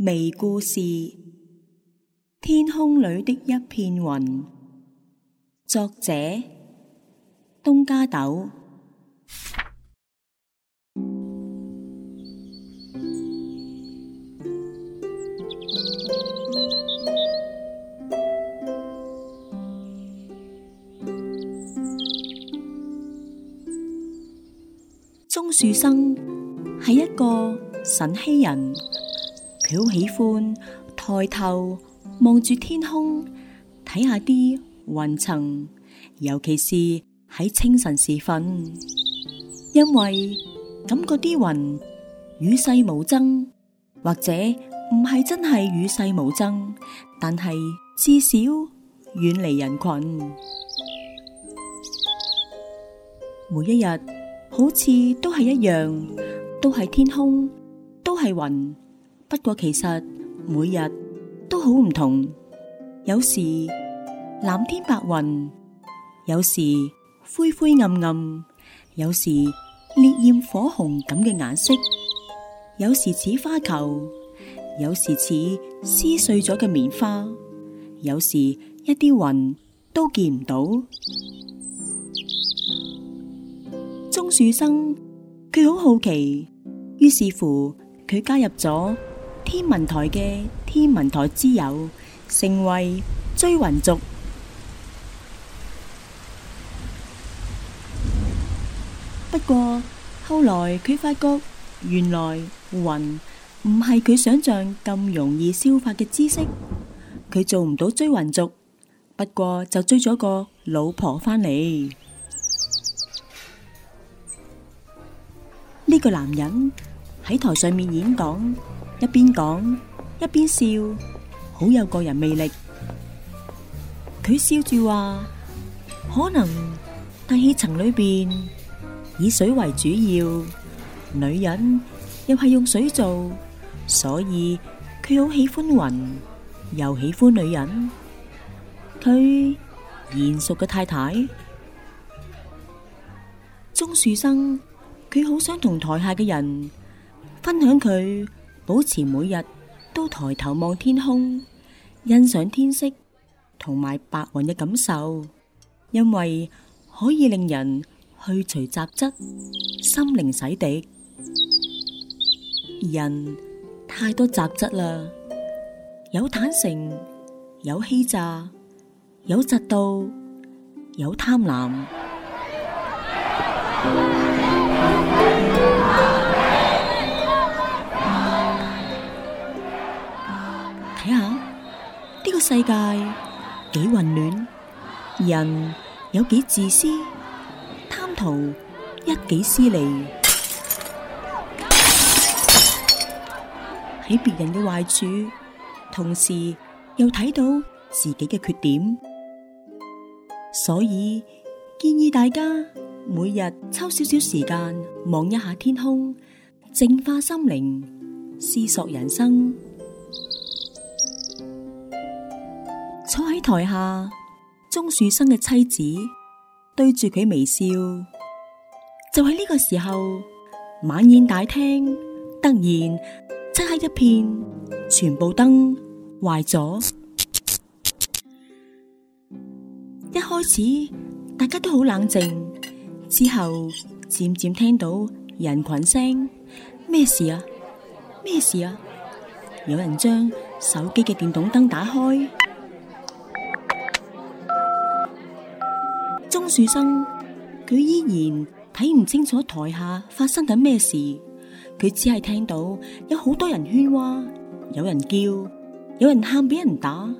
微故事：天空裡的一片雲。作者：東加豆。鍾樹生係一個神稀人。佢好喜歡抬頭望住天空睇下啲雲層，尤其是喺清晨時分，因為感覺啲雲與世無爭，或者唔係真係與世無爭，但係至少遠離人群。每一日好似都係一樣，都係天空，都係雲。不過其實每日都好唔同，有時藍天白雲，有時灰灰暗暗，有時烈焰火紅咁嘅顏色，有時似花球，有時似撕碎咗嘅棉花，有時一啲雲都見唔到。鍾樹生，佢好好奇，於是乎佢加入咗。天文台嘅天文台之友，成為追雲族。不過後來佢發覺，原來雲唔係佢想象咁容易消化嘅知識，佢做唔到追雲族。不過就追咗個老婆返嚟。呢個男人喺台上面演講。一邊講一邊笑，好有個人魅力。佢笑住話：可能大氣層裏邊以水為主要，女人又係用水做，所以佢好喜歡雲，又喜歡女人。佢賢淑嘅太太，鍾樹生，佢好想同台下嘅人分享佢保持每日都抬頭望天空，欣賞天色同埋白雲嘅感受，因為可以令人去除雜質，心靈洗滌。人太多雜質啦，有坦誠，有欺詐，有嫉妒，有貪婪。世界幾混亂，人有幾自私，貪圖一己私利，喺別人嘅壞處，同時又睇到自己嘅缺點，所以建議大家每日抽少少時間望一下天空，淨化心靈，思索人生。坐喺台下，鍾樹生嘅妻子對住佢微笑。就喺呢個時候，晚宴大廳突然漆黑一片，全部燈壞咗。 一開始大家都好冷靜，之後漸漸聽到人群聲：咩事啊？咩事啊？有人將手機嘅電筒燈打開。樹生佢依然睇唔清楚台下發生緊咩事，佢只係聽到有好多人喧嘩，有人叫，有人喊俾人打，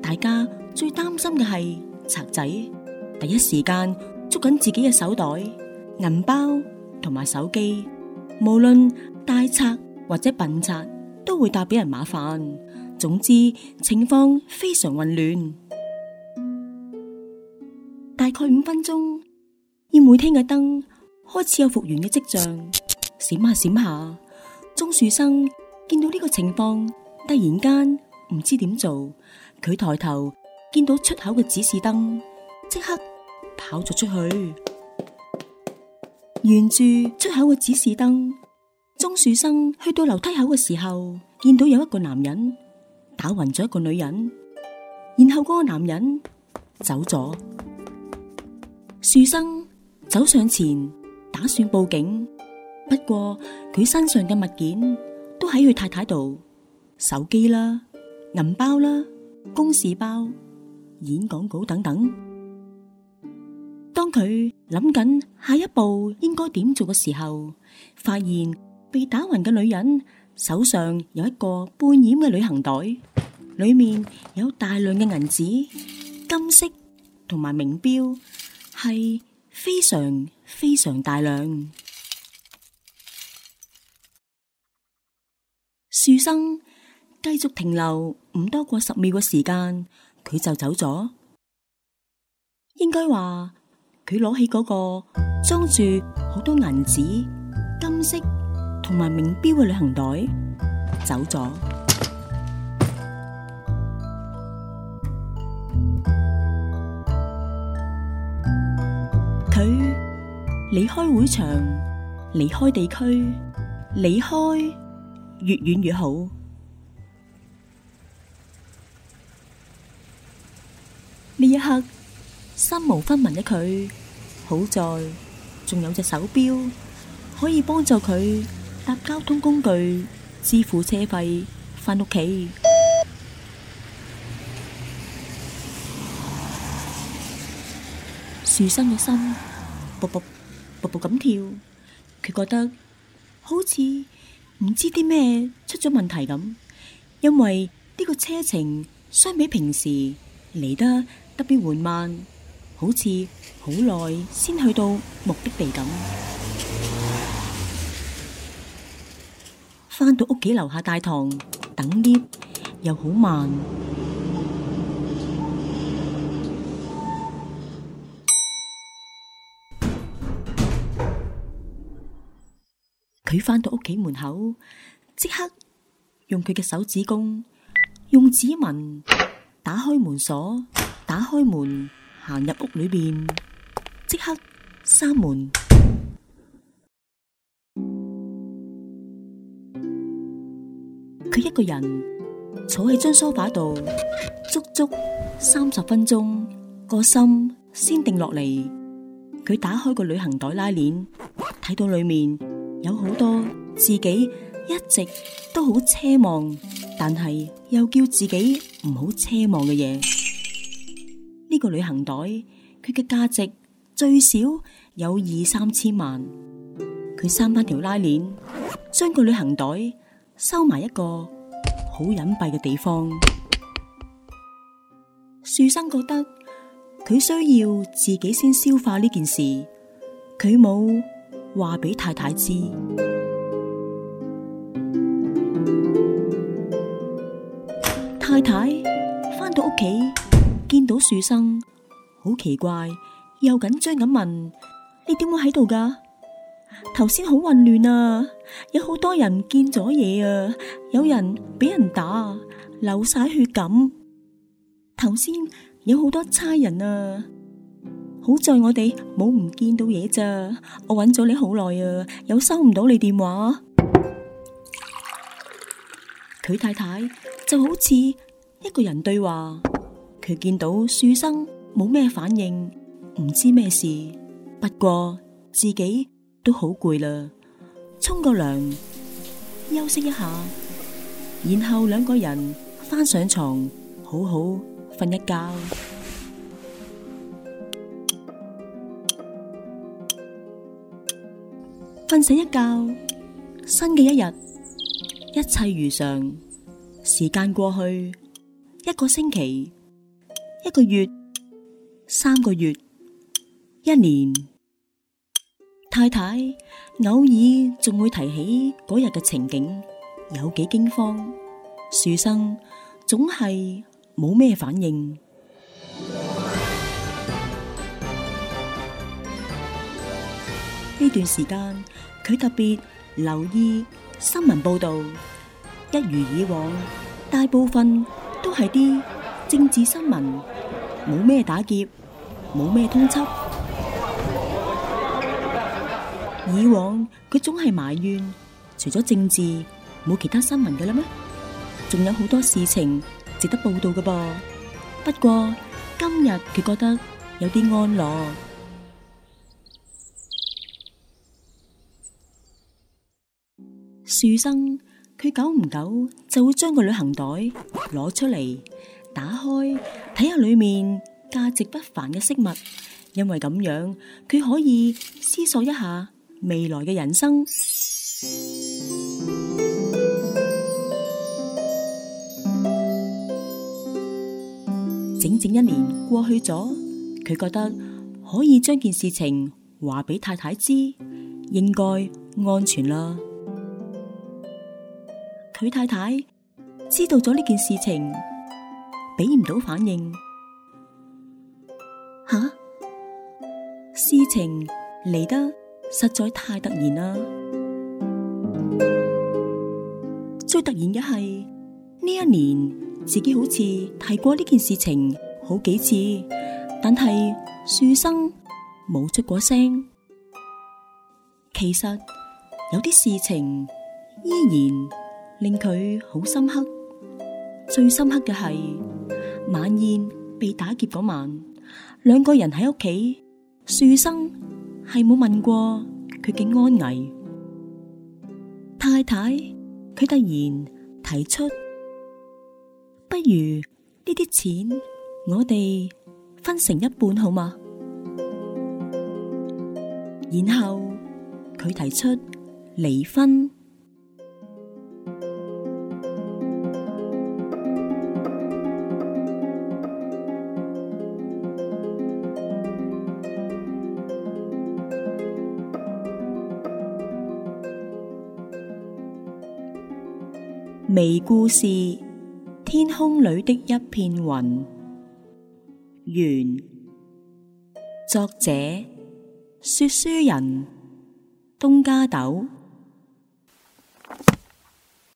大家最擔心嘅係賊仔，第一時間捉緊自己嘅手袋、銀包同埋手機，無論大賊或者笨賊都會帶俾人麻煩，總之情況非常混亂。大概五分鐘，而每天嘅燈開始有復原嘅跡象，閃下閃下。鍾樹生見到呢個情況，突然間唔知點做，佢抬頭見到出口嘅指示燈，即刻跑咗出去。沿住出口嘅指示燈，鍾樹生去到樓梯口嘅時候，見到有一個男人打暈咗一個女人，然後嗰個男人走咗。樹生走上前，打算報警。不過佢身上嘅物件都喺佢太太度，手機啦、銀包啦、公事包、演講稿等等。當佢諗緊下一步應該點做嘅時候，發現被打暈嘅女人手上有一個半掩嘅旅行袋，裏面有大量嘅銀紙、金色同埋名錶。係非常非常大量。樹生繼續停留唔多過十秒嘅時間，佢就走咗。應該話佢攞起嗰個裝住好多銀紙、金色同埋名表嘅旅行袋，走咗。佢離開會場，離開地區，離開越遠越好。呢一刻，身無分文嘅佢，好在仲有隻手錶，可以幫助佢搭交通工具，支付車費，翻屋企。樹生嘅心。卜卜卜卜咁跳，佢覺得好似唔知啲咩出咗問題咁，因為呢個車程相比平時嚟得特別緩慢，好似好耐先去到目的地咁。返到屋企樓下大堂等 lift 又好慢。佢返到屋企門口，即刻用佢嘅手指公，用指紋打開門鎖，打開門，行入屋裏邊，即刻閂門。佢一個人坐喺張梳化度，足足三十分鐘，個心先定落嚟。佢打開個旅行袋拉鏈，睇到裏面。有好多自己一直都好奢望，但係又叫自己唔好奢望嘅嘢。呢個旅行袋，佢嘅價值最少有二三千萬。佢閂翻條拉鏈，將個旅行袋收埋一個好隱蔽嘅地方。樹生覺得佢需要自己先消化呢件事，佢冇。話俾太太知。太太翻到屋企，見到樹生，好奇怪，又緊張咁問：你點會喺度㗎？頭先好混亂啊，有好多人唔見咗嘢啊，有人俾人打，流晒血咁。頭先有好多差人啊。好在我哋冇唔見到嘢咋，我搵咗你好耐啊，又收唔到你電話。佢 太太就好似一個人對話，佢見到樹生冇咩反應，唔知咩事，不過自己都好攰啦，沖個涼，休息一下，然後兩個人翻上床，好好瞓一覺。瞓醒一覺，新嘅一日，一切如常。時間過去一個星期，一個月，三個月，一年。太太偶爾仲會提起嗰日嘅情景，有幾驚慌。樹生總係冇咩反應。呢段時間佢特別留意新聞報道，一如以往，大部分都係啲政治新聞，冇咩打劫，冇咩通緝。以往佢總係埋怨，除咗政治冇其他新聞嘅啦咩？仲有好多事情值得報道嘅噃。不過今日佢覺得有啲安樂。樹生佢久唔久就會將個旅行袋攞出嚟，打開睇下裏面價值不凡嘅飾物，因為咁樣佢可以思索一下未來嘅人生。整整一年過去咗，佢覺得可以將件事情話俾太太知，應該安全啦。佢太太知道咗呢件事情，俾唔到反應。吓、啊，事情嚟得實在太突然啦、啊！最突然嘅係呢一年，自己好似提過呢件事情好幾次，但係樹生冇出過聲。其實有啲事情依然。令佢好深刻，最深刻嘅係晚宴被打劫嗰晚，兩個人喺屋企，樹生係冇問過佢嘅安危，太太佢突然提出，不如呢啲錢我哋分成一半好嗎？然後佢提出離婚。微故事：天空裡的一片雲。原作者：說書人東加豆。